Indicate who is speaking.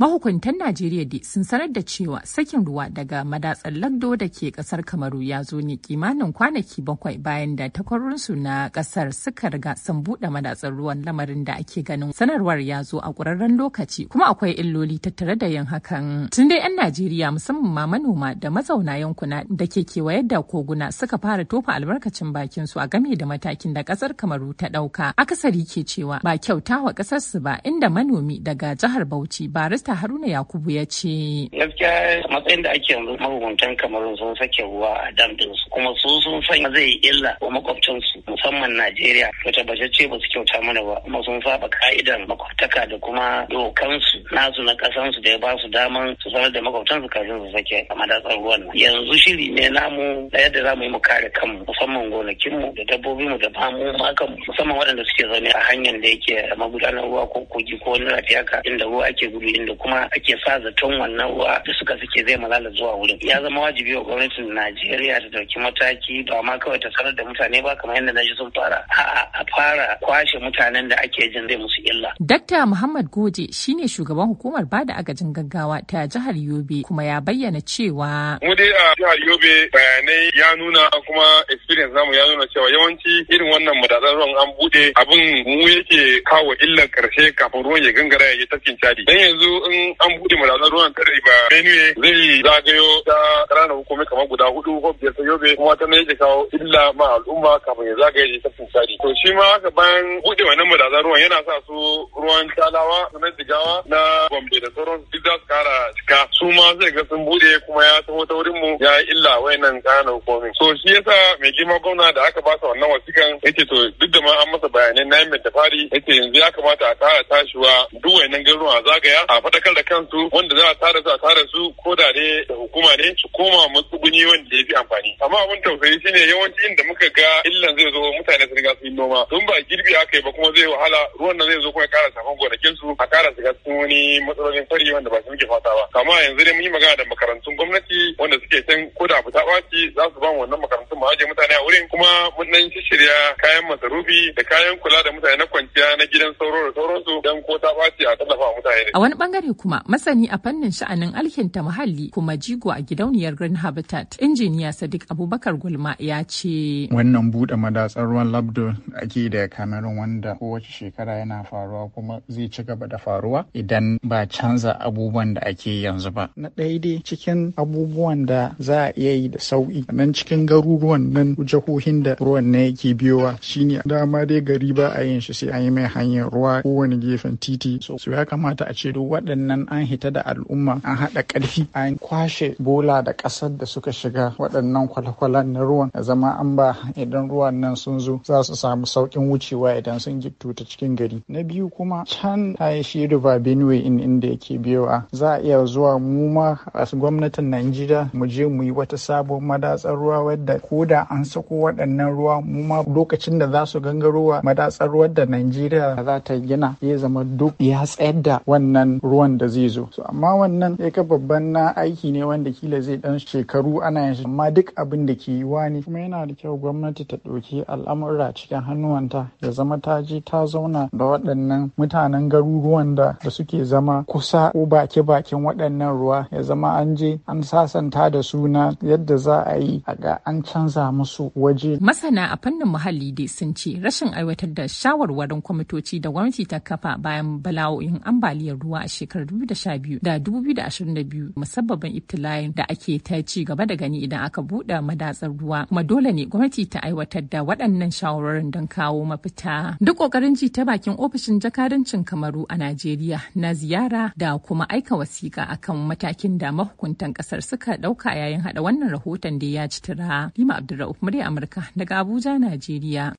Speaker 1: Mahukuntan Najeriya dai sun sanar da cewa sakin ruwa daga madatsar Lagdo da ke kasar Kamaru ya zo ne kimanin kwanaki bakwai bayan da takwarorinsu na kasar suka riga sun buɗe madatsar ruwan lamarin da ake ganin sanarwar ya zo a ƙurarren lokaci kuma akwai illoli tattare da yin hakan. Tun dai 'yan Najeriya musamman ma manoma da mazauna yankuna da ke kewaye da koguna suka fara tofa albarkacin bakin su a game da matakin da kasar Kamaru ta ɗauka. Akasari ke cewa ba wa ƙasarsu ba inda manomi daga jihar Bauchi ba Minista haruna yakubu ya ce
Speaker 2: gaskiya matsayin da ake yanzu mahukuntan kamar sun sake ruwa a dambin su kuma su sun san zai illa wa makwabcinsu musamman najeriya to tabbatacce ba su kyauta mana ba kuma sun saba ka'idan makwabtaka da kuma dokansu nasu na kasansu da ya ba su daman su sanar da makwabtansu kafin su sake a madatsar ruwan yanzu shiri ne namu da yadda za mu yi mu kare kanmu musamman gonakinmu da dabbobinmu da bamu kanmu musamman waɗanda suke zaune a hanyar da yake magudanar ruwa ko kogi ko wani rafi haka inda ruwa ake gudu inda da kuma ake sa zaton wannan ruwa da suka suke zai malala zuwa wurin ya zama wajibi wa gwamnatin najeriya ta dauki mataki ba ma kawai ta sanar da mutane ba kamar yadda naji sun fara a'a a fara kwashe mutanen da ake jin zai musu illa
Speaker 1: dakta muhammad goje shine shugaban hukumar bada agajin gaggawa ta jihar yobe kuma ya bayyana cewa mu
Speaker 3: dai a jihar yobe bayanai ya nuna kuma experience namu ya nuna cewa yawanci irin wannan madatsar ruwan an bude abin mu yake kawo illar karshe kafin ruwan ya gangara ya tafkin cadi dan yanzu in an bude madatsun ruwan kare ba benue zai zagayo ta karana hukumi kamar guda hudu ko biyar ta yobe kuma ta ne da kawo illa ma al'umma kafin ya zagaye tafi sari to shi ma haka bayan bude wannan madatsun ruwan yana sa su ruwan talawa na jigawa na gombe da sauran duk za su kara cika su ma zai ga sun bude kuma ya taho ta wurin mu ya illa wayannan ƙananan hukumi so shi yasa mai girma gwamna da aka basa wannan wasikan yake to duk da ma an masa bayanai na yamma ta fari yake yanzu ya kamata a kara tashiwa duk wayannan garuruwa zagaya a faɗakar da kansu wanda za a tara su a tara su ko da ne da hukuma ne su koma matsuguni wanda ya fi amfani amma abin tausayi shine yawanci inda muka ga illan zai zo mutane su riga sun yi noma tun ba girbi aka yi ba kuma zai wahala ruwan nan zai zo kuma ya kara safan gonakin su a kara shiga cikin wani matsalolin fari wanda ba su muke fata ba kama yanzu dai mun yi magana da makarantun gwamnati wanda suke san ko da fita ɓaci za su ba mu wannan makarantun mu aje mutane a wurin kuma mun dan shirya kayan masarufi
Speaker 1: da kayan kula da mutane na kwanciya na gidan sauro da sauransu don ko ta ɓaci a tallafa mutane. A wani bangare bangare kuma masani a fannin sha'anin alkinta muhalli kuma jigo a gidauniyar Green Habitat injiniya Sadiq Abubakar Gulma ya ce.
Speaker 4: Wannan buɗe madatsar ruwan labdo ake da Cameroon wanda kowace shekara yana faruwa kuma zai ci gaba da faruwa idan ba canza abubuwan da ake yanzu ba. Na ɗaya dai cikin abubuwan da za a iya yi da sauƙi nan cikin garuruwan nan jihohin da ruwan na yake biyowa shine dama dai gari ba a yin shi sai an yi mai hanyar ruwa kowane gefen titi. So ya kamata a ce duk waɗanda ɗin nan an hita da al'umma an haɗa ƙarfi an kwashe bola da ƙasar da suka shiga waɗannan kwale-kwalen na ruwan da zama an ba idan ruwan nan sun zo za su samu sauƙin wucewa idan sun gittu ta cikin gari na biyu kuma can ta shi river benue in inda yake biyowa za a iya zuwa mu ma a gwamnatin najeriya mu je mu yi wata sabon madatsar ruwa wadda ko da an sako waɗannan ruwa mu ma lokacin da za su gangarowa madatsar ruwa da najeriya za ta gina ya zama duk ya tsayar da wannan ruwan abubuwan da zai zo so amma wannan ya ka babban na aiki ne wanda kila zai dan shekaru ana yin shi amma duk abin da ke yiwa ne kuma yana da kyau gwamnati ta ɗauki al'amura cikin hannuwanta ya zama ta je ta zauna da waɗannan mutanen garuruwan da da suke zama kusa ko baki bakin waɗannan ruwa ya zama an je an sasanta da suna yadda za a yi a ga an canza musu waje
Speaker 1: masana a fannin muhalli dai sun ce rashin aiwatar da shawarwarin kwamitoci da gwamnati ta kafa bayan bala'o'in ambaliyar ruwa a shekaru shekarar 2012 da 2022 musabbabin ibtila'in da ake ta ci gaba da gani idan aka buɗe madatsar ruwa kuma dole ne gwamnati ta aiwatar da waɗannan shawarorin don kawo mafita. Duk ƙoƙarin ji ta bakin ofishin jakadancin Kamaru a Najeriya na ziyara da kuma aika wasiƙa akan matakin da mahukuntan ƙasar suka ɗauka yayin haɗa wannan rahoton da ya ci tura. Lima Abdulrahman Murya Amurka daga Abuja, Najeriya.